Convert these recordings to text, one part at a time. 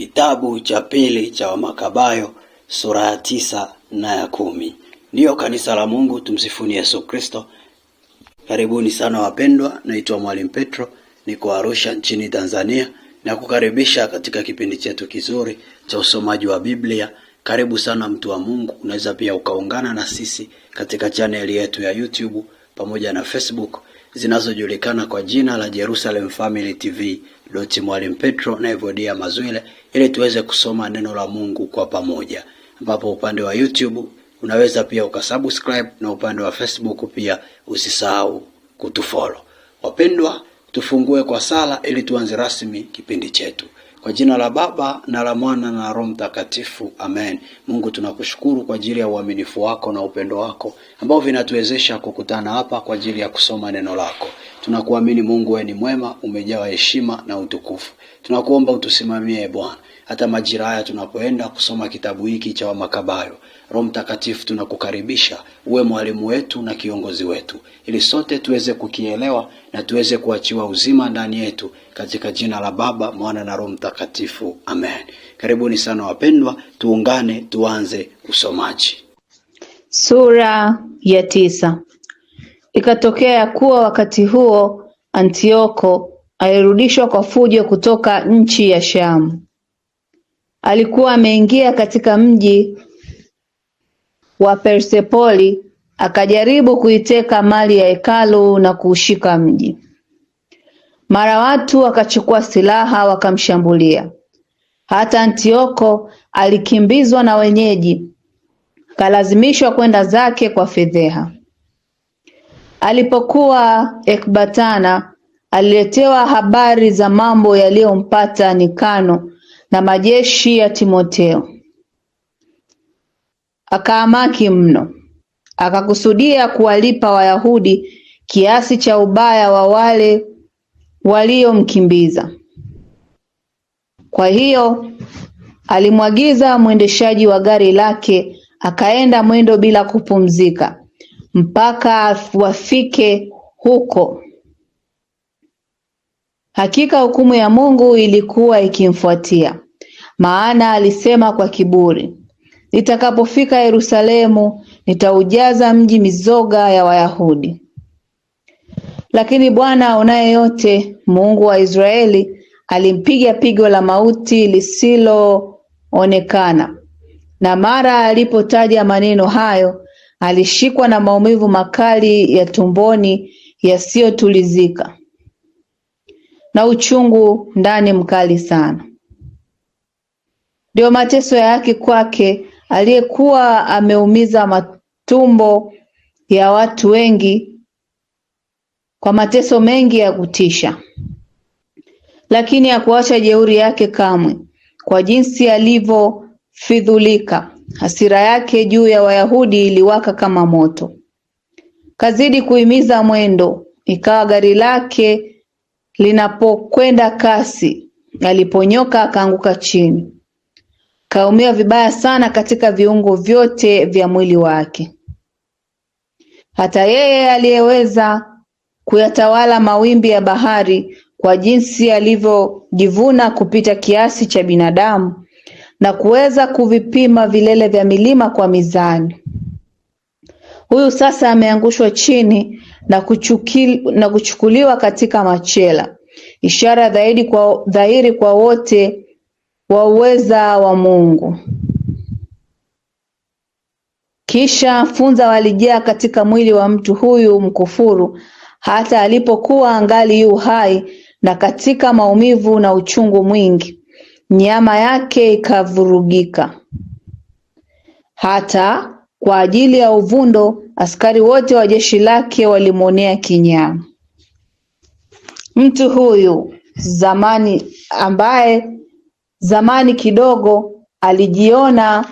Kitabu cha pili cha Wamakabayo sura ya tisa na ya kumi. Ndiyo kanisa la Mungu, tumsifuni Yesu Kristo. Karibuni sana wapendwa, naitwa Mwalimu Petro, niko Arusha nchini Tanzania na kukaribisha katika kipindi chetu kizuri cha usomaji wa Biblia. Karibu sana mtu wa Mungu, unaweza pia ukaungana na sisi katika chaneli yetu ya YouTube pamoja na Facebook zinazojulikana kwa jina la Jerusalem Family TV Loti Mwalimu Petro na Evodia Mazwile, ili tuweze kusoma neno la Mungu kwa pamoja, ambapo upande wa YouTube unaweza pia ukasubscribe na upande wa Facebook pia usisahau kutufollow. Wapendwa, tufungue kwa sala ili tuanze rasmi kipindi chetu. Kwa jina la Baba na la Mwana na Roho Mtakatifu, amen. Mungu, tunakushukuru kwa ajili ya uaminifu wako na upendo wako ambao vinatuwezesha kukutana hapa kwa ajili ya kusoma neno lako. Tunakuamini Mungu, wewe ni mwema, umejawa heshima na utukufu. Tunakuomba utusimamie Bwana, hata majira haya tunapoenda kusoma kitabu hiki cha Wamakabayo Roho Mtakatifu tunakukaribisha uwe mwalimu wetu na kiongozi wetu, ili sote tuweze kukielewa na tuweze kuachiwa uzima ndani yetu, katika jina la Baba, Mwana na Roho Mtakatifu, amen. Karibuni sana wapendwa, tuungane tuanze usomaji. Sura ya tisa. Ikatokea ya kuwa wakati huo Antioko alirudishwa kwa fujo kutoka nchi ya Shamu. Alikuwa ameingia katika mji wa Persepoli akajaribu kuiteka mali ya hekalu na kuushika mji. Mara watu wakachukua silaha wakamshambulia. Hata Antioko alikimbizwa na wenyeji, akalazimishwa kwenda zake kwa fedheha. Alipokuwa Ekbatana, aliletewa habari za mambo yaliyompata Nikano na majeshi ya Timotheo akaamaki mno, akakusudia kuwalipa Wayahudi kiasi cha ubaya wa wale waliomkimbiza. Kwa hiyo alimwagiza mwendeshaji wa gari lake akaenda mwendo bila kupumzika mpaka wafike huko. Hakika hukumu ya Mungu ilikuwa ikimfuatia, maana alisema kwa kiburi, Nitakapofika Yerusalemu nitaujaza mji mizoga ya Wayahudi. Lakini Bwana aonaye yote, Mungu wa Israeli, alimpiga pigo la mauti lisiloonekana, na mara alipotaja maneno hayo alishikwa na maumivu makali ya tumboni yasiyotulizika na uchungu ndani mkali sana. ndio mateso ya haki kwake aliyekuwa ameumiza matumbo ya watu wengi kwa mateso mengi ya kutisha, lakini hakuacha jeuri yake kamwe. Kwa jinsi alivyofidhulika, hasira yake juu ya Wayahudi iliwaka kama moto. Kazidi kuhimiza mwendo, ikawa gari lake linapokwenda kasi, aliponyoka akaanguka chini. Kaumia vibaya sana katika viungo vyote vya mwili wake. Hata yeye aliyeweza kuyatawala mawimbi ya bahari kwa jinsi alivyojivuna kupita kiasi cha binadamu na kuweza kuvipima vilele vya milima kwa mizani, huyu sasa ameangushwa chini na, kuchukil, na kuchukuliwa katika machela, ishara dhahiri kwa, dhahiri kwa wote wa uweza wa Mungu. Kisha funza walijaa katika mwili wa mtu huyu mkufuru hata alipokuwa angali yu hai na katika maumivu na uchungu mwingi, nyama yake ikavurugika. Hata kwa ajili ya uvundo, askari wote wa jeshi lake walimwonea kinyaa. Mtu huyu zamani ambaye Zamani kidogo alijiona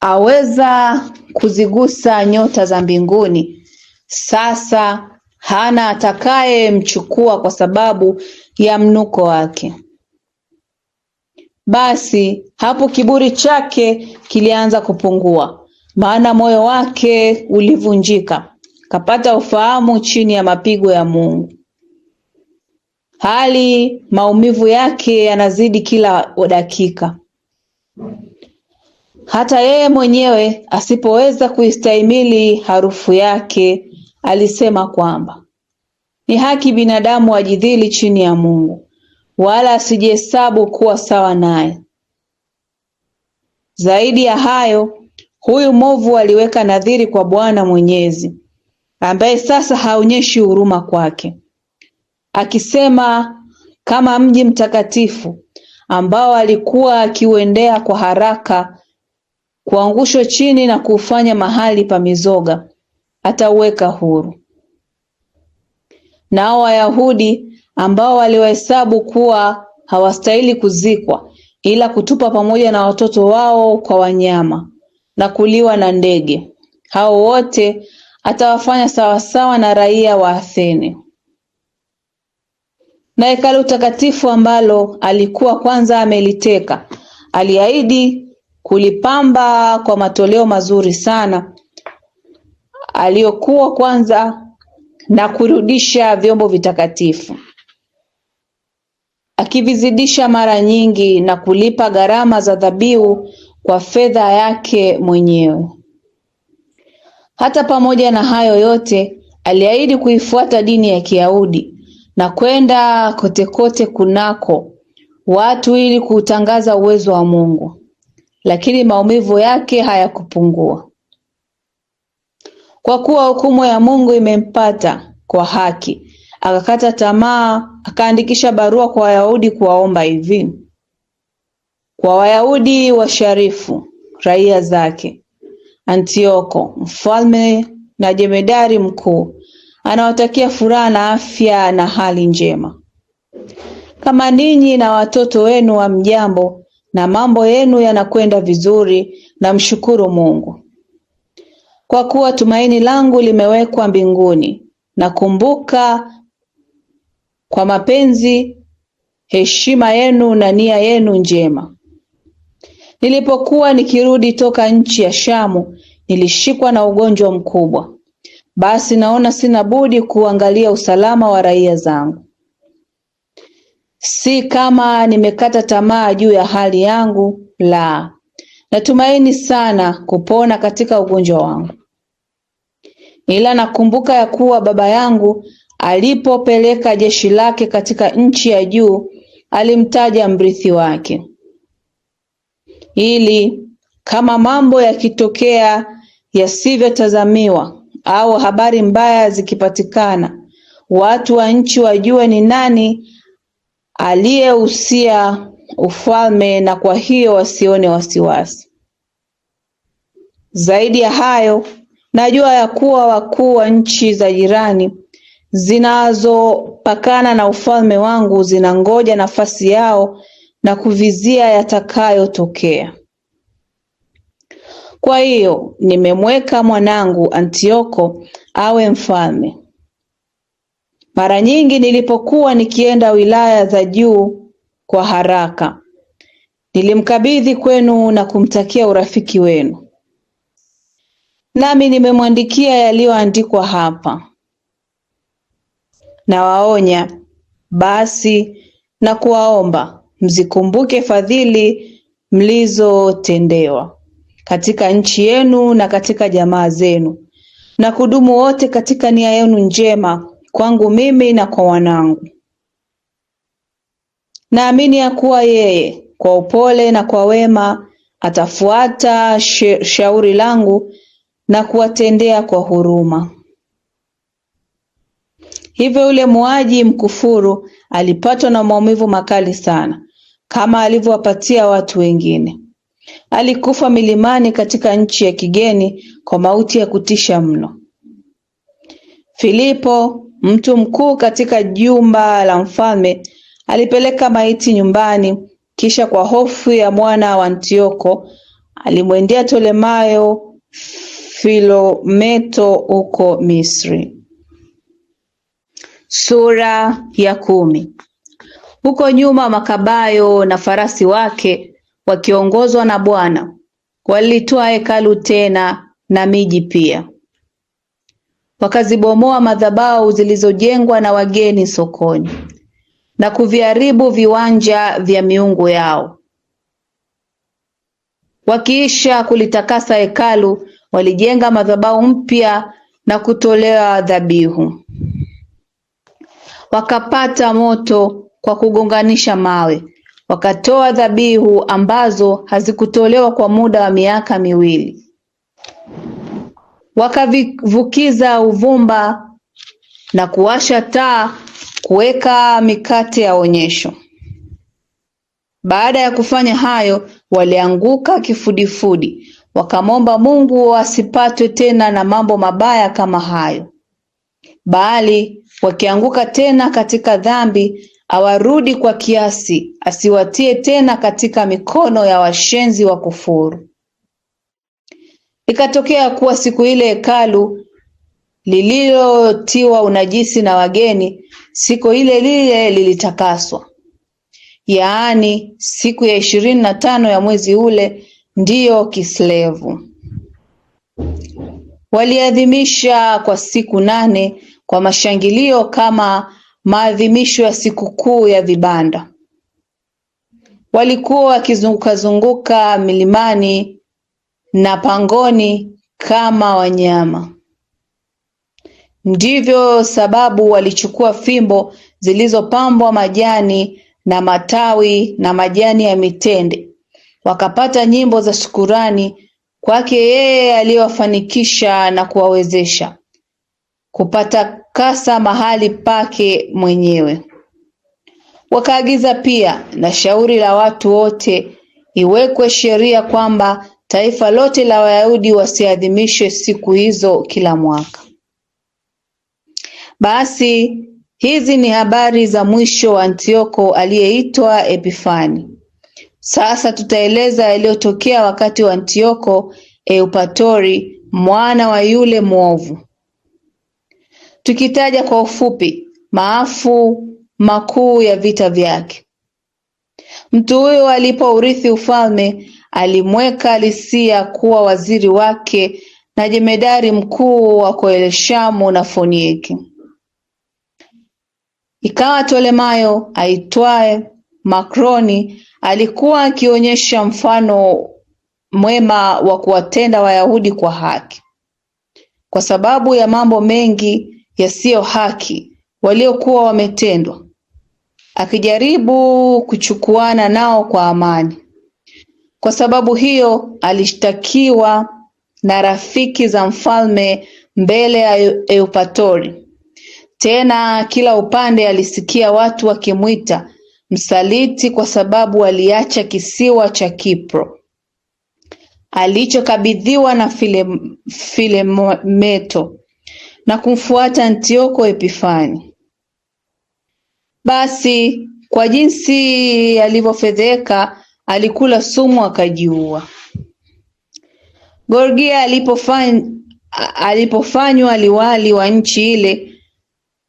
aweza kuzigusa nyota za mbinguni, sasa hana atakayemchukua kwa sababu ya mnuko wake. Basi hapo kiburi chake kilianza kupungua, maana moyo wake ulivunjika, kapata ufahamu chini ya mapigo ya Mungu hali maumivu yake yanazidi kila dakika. Hata yeye mwenyewe asipoweza kuistahimili harufu yake, alisema kwamba ni haki binadamu ajidhili chini ya Mungu, wala asijihesabu kuwa sawa naye. Zaidi ya hayo, huyu movu aliweka nadhiri kwa Bwana Mwenyezi, ambaye sasa haonyeshi huruma kwake akisema kama mji mtakatifu ambao alikuwa akiuendea kwa haraka kuangushwa chini na kuufanya mahali pa mizoga atauweka huru. Nao Wayahudi ambao waliwahesabu kuwa hawastahili kuzikwa ila kutupa pamoja na watoto wao kwa wanyama na kuliwa na ndege, hao wote atawafanya sawasawa na raia wa Athene na hekalu takatifu ambalo alikuwa kwanza ameliteka. Aliahidi kulipamba kwa matoleo mazuri sana aliyokuwa kwanza na kurudisha vyombo vitakatifu, akivizidisha mara nyingi na kulipa gharama za dhabihu kwa fedha yake mwenyewe. Hata pamoja na hayo yote, aliahidi kuifuata dini ya Kiyahudi na kwenda kotekote kunako watu ili kuutangaza uwezo wa Mungu, lakini maumivu yake hayakupungua, kwa kuwa hukumu ya Mungu imempata kwa haki. Akakata tamaa, akaandikisha barua kwa Wayahudi kuwaomba hivi: kwa Wayahudi washarifu, raia zake Antioko, mfalme na jemedari mkuu Anawatakia furaha na afya na hali njema. Kama ninyi na watoto wenu wa mjambo na mambo yenu yanakwenda vizuri, na mshukuru Mungu kwa kuwa tumaini langu limewekwa mbinguni. Nakumbuka kwa mapenzi heshima yenu na nia yenu njema. Nilipokuwa nikirudi toka nchi ya Shamu, nilishikwa na ugonjwa mkubwa basi naona sina budi kuangalia usalama wa raia zangu. Si kama nimekata tamaa juu ya hali yangu, la, natumaini sana kupona katika ugonjwa wangu, ila nakumbuka ya kuwa baba yangu alipopeleka jeshi lake katika nchi ya juu alimtaja mrithi wake, ili kama mambo yakitokea yasivyotazamiwa au habari mbaya zikipatikana watu wa nchi wajue ni nani aliyeusia ufalme na kwa hiyo wasione wasiwasi. Zaidi ya hayo, najua ya kuwa wakuu wa nchi za jirani zinazopakana na ufalme wangu zinangoja nafasi yao na kuvizia yatakayotokea. Kwa hiyo nimemweka mwanangu Antioko awe mfalme. Mara nyingi nilipokuwa nikienda wilaya za juu kwa haraka, nilimkabidhi kwenu na kumtakia urafiki wenu, nami nimemwandikia yaliyoandikwa hapa. Nawaonya basi na kuwaomba mzikumbuke fadhili mlizotendewa katika nchi yenu na katika jamaa zenu, na kudumu wote katika nia yenu njema, kwangu mimi na kwa wanangu. Naamini ya kuwa yeye kwa upole na kwa wema atafuata shauri langu na kuwatendea kwa huruma. Hivyo yule muaji mkufuru alipatwa na maumivu makali sana, kama alivyowapatia watu wengine. Alikufa milimani katika nchi ya kigeni kwa mauti ya kutisha mno. Filipo, mtu mkuu katika jumba la mfalme, alipeleka maiti nyumbani, kisha kwa hofu ya mwana wa Antioko alimwendea Tolemayo Filometo huko Misri. Sura ya kumi. Huko nyuma, Makabayo na farasi wake wakiongozwa na Bwana walitoa hekalu tena na miji pia, wakazibomoa madhabahu zilizojengwa na wageni sokoni na kuviharibu viwanja vya miungu yao. Wakiisha kulitakasa hekalu, walijenga madhabahu mpya na kutolewa dhabihu. Wakapata moto kwa kugonganisha mawe Wakatoa dhabihu ambazo hazikutolewa kwa muda wa miaka miwili, wakavivukiza uvumba na kuwasha taa kuweka mikate ya onyesho. Baada ya kufanya hayo, walianguka kifudifudi, wakamwomba Mungu wasipatwe tena na mambo mabaya kama hayo, bali wakianguka tena katika dhambi awarudi kwa kiasi, asiwatie tena katika mikono ya washenzi wa kufuru. Ikatokea kuwa siku ile hekalu lililotiwa unajisi na wageni, siku ile lile lilitakaswa, yaani siku ya ishirini na tano ya mwezi ule, ndiyo Kislevu. Waliadhimisha kwa siku nane kwa mashangilio kama maadhimisho ya sikukuu ya vibanda. Walikuwa wakizungukazunguka milimani na pangoni kama wanyama. Ndivyo sababu walichukua fimbo zilizopambwa majani na matawi na majani ya mitende, wakapata nyimbo za shukurani kwake yeye aliyewafanikisha na kuwawezesha kupata kasa mahali pake mwenyewe. Wakaagiza pia na shauri la watu wote iwekwe sheria kwamba taifa lote la Wayahudi wasiadhimishe siku hizo kila mwaka. Basi hizi ni habari za mwisho wa Antioko aliyeitwa Epifani. Sasa tutaeleza yaliyotokea wakati wa Antioko Eupatori mwana wa yule mwovu. Tukitaja kwa ufupi maafu makuu ya vita vyake mtu huyo alipourithi ufalme alimweka Lisia kuwa waziri wake na jemedari mkuu wa koeleshamu na Fonike. Ikawa Tolemayo aitwaye Makroni alikuwa akionyesha mfano mwema wa kuwatenda Wayahudi kwa haki. Kwa sababu ya mambo mengi yasiyo haki waliokuwa wametendwa, akijaribu kuchukuana nao kwa amani. Kwa sababu hiyo alishtakiwa na rafiki za mfalme mbele ya Eupatori. Tena kila upande alisikia watu wakimwita msaliti kwa sababu aliacha kisiwa cha Kipro alichokabidhiwa na Filemeto na kumfuata Antioko Epifani. Basi kwa jinsi alivyofedheka, alikula sumu akajiua. Gorgia alipofanywa alipofanywa liwali wa nchi ile,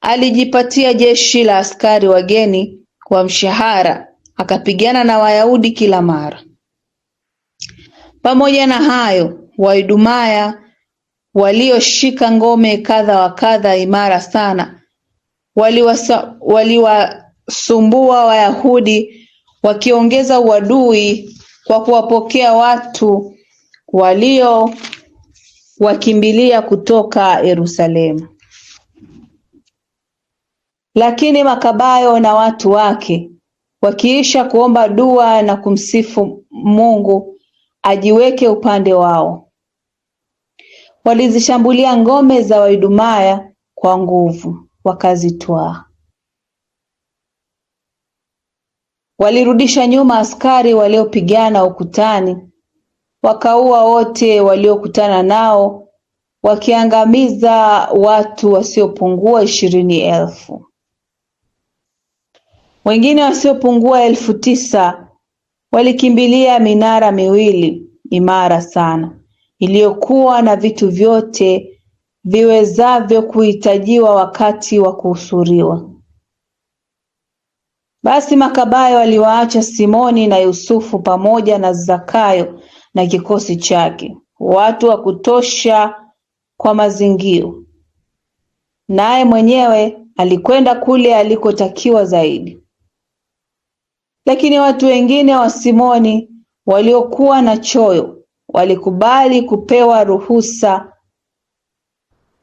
alijipatia jeshi la askari wageni kwa mshahara, akapigana na Wayahudi kila mara. Pamoja na hayo, Waidumaya walioshika ngome kadha wa kadha imara sana, waliwasumbua Wayahudi wakiongeza uadui kwa kuwapokea watu waliowakimbilia kutoka Yerusalemu. Lakini Makabayo na watu wake wakiisha kuomba dua na kumsifu Mungu ajiweke upande wao Walizishambulia ngome za Waidumaya kwa nguvu wakazitwaa Walirudisha nyuma askari waliopigana ukutani wakaua wote waliokutana nao wakiangamiza watu wasiopungua ishirini elfu wengine wasiopungua elfu tisa walikimbilia minara miwili imara sana iliyokuwa na vitu vyote viwezavyo kuhitajiwa wakati wa kuhusuriwa basi Makabayo aliwaacha Simoni na Yusufu pamoja na Zakayo na kikosi chake, watu wa kutosha kwa mazingio, naye mwenyewe alikwenda kule alikotakiwa zaidi. Lakini watu wengine wa Simoni waliokuwa na choyo walikubali kupewa ruhusa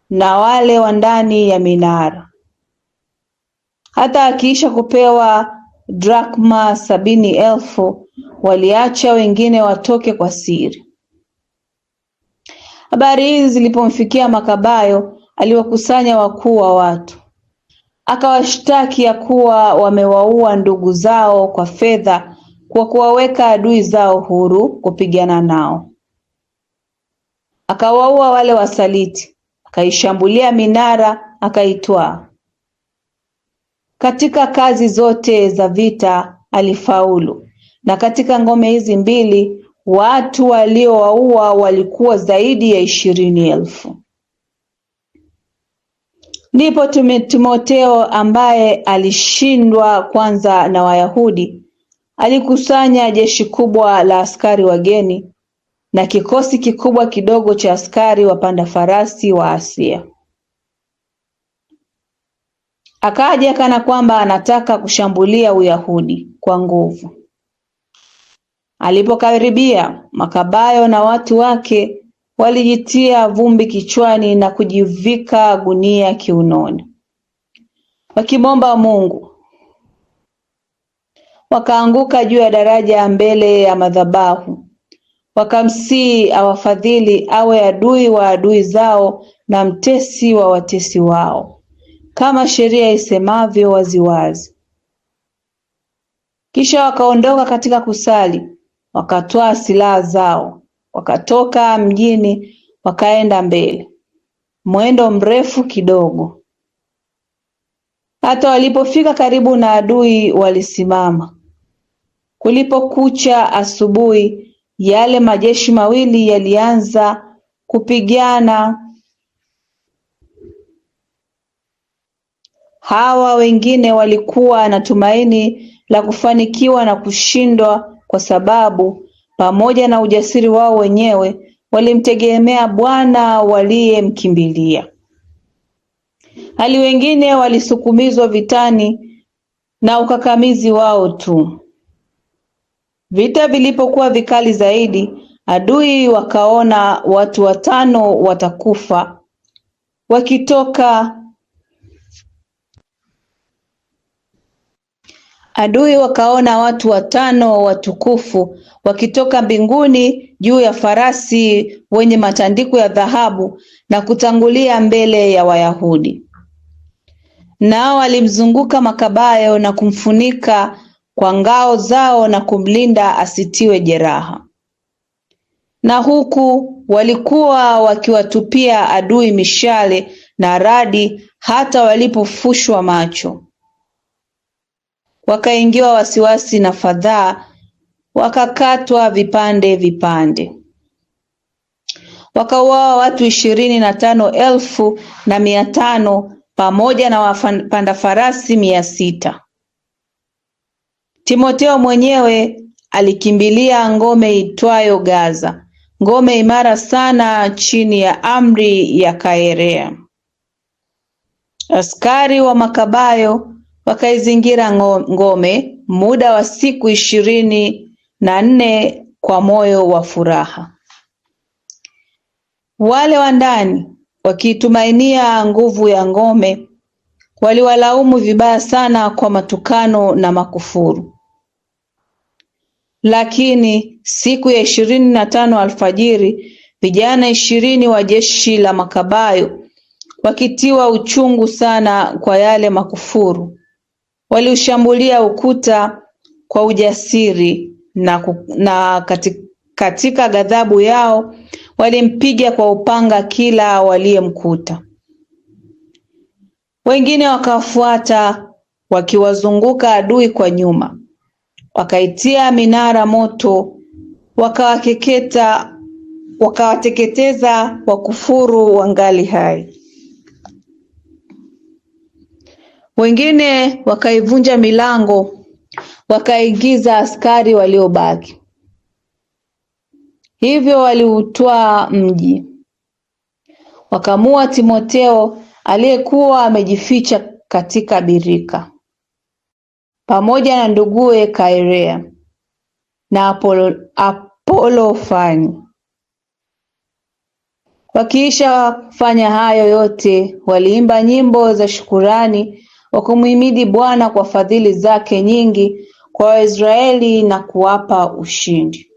na wale wa ndani ya minara. Hata akiisha kupewa drakma sabini elfu waliacha wengine watoke kwa siri. Habari hizi zilipomfikia Makabayo, aliwakusanya wakuu wa watu, akawashtaki ya kuwa wamewaua ndugu zao kwa fedha, kwa kuwaweka adui zao huru kupigana nao akawaua wale wasaliti, akaishambulia minara akaitwaa. Katika kazi zote za vita alifaulu, na katika ngome hizi mbili watu waliowaua walikuwa zaidi ya ishirini elfu. Ndipo Timotheo ambaye alishindwa kwanza na Wayahudi alikusanya jeshi kubwa la askari wageni na kikosi kikubwa kidogo cha askari wapanda farasi wa Asia Akaja kana kwamba anataka kushambulia Uyahudi kwa nguvu. Alipokaribia, Makabayo na watu wake walijitia vumbi kichwani na kujivika gunia kiunoni, wakimwomba Mungu. Wakaanguka juu ya daraja mbele ya madhabahu wakamsii awafadhili awe adui wa adui zao na mtesi wa watesi wao, kama sheria isemavyo waziwazi. Kisha wakaondoka katika kusali, wakatwaa silaha zao, wakatoka mjini, wakaenda mbele mwendo mrefu kidogo. Hata walipofika karibu na adui walisimama. Kulipokucha asubuhi yale majeshi mawili yalianza kupigana Hawa wengine walikuwa na tumaini la kufanikiwa na kushindwa kwa sababu pamoja na ujasiri wao wenyewe walimtegemea Bwana waliyemkimbilia. Hali wengine walisukumizwa vitani na ukakamizi wao tu. Vita vilipokuwa vikali zaidi adui wakaona watu watano watakufa wakitoka adui wakaona watu watano watukufu wakitoka mbinguni juu ya farasi wenye matandiko ya dhahabu na kutangulia mbele ya Wayahudi. Nao walimzunguka makabayo na kumfunika kwa ngao zao na kumlinda asitiwe jeraha. Na huku walikuwa wakiwatupia adui mishale na radi hata walipofushwa macho, wakaingiwa wasiwasi na fadhaa, wakakatwa vipande vipande. Wakauawa watu ishirini na tano elfu na mia tano pamoja na wapanda farasi mia sita timoteo mwenyewe alikimbilia ngome itwayo Gaza, ngome imara sana chini ya amri ya Kaerea. Askari wa Makabayo wakaizingira ngome muda wa siku ishirini na nne kwa moyo wa furaha, wale wa ndani wakiitumainia nguvu ya ngome waliwalaumu vibaya sana kwa matukano na makufuru. Lakini siku ya ishirini na tano alfajiri vijana ishirini wa jeshi la Makabayo wakitiwa uchungu sana kwa yale makufuru, waliushambulia ukuta kwa ujasiri na, na katika ghadhabu yao walimpiga kwa upanga kila waliyemkuta. Wengine wakafuata wakiwazunguka adui kwa nyuma wakaitia minara moto, wakawakeketa, wakawateketeza wakufuru wangali hai. Wengine wakaivunja milango, wakaingiza askari waliobaki. Hivyo waliutwaa mji, wakamua Timotheo aliyekuwa amejificha katika birika pamoja na nduguwe Kairea na Apolofani. Wakiisha kufanya hayo yote, waliimba nyimbo za shukurani wakumhimidi Bwana kwa fadhili zake nyingi kwa Waisraeli na kuwapa ushindi.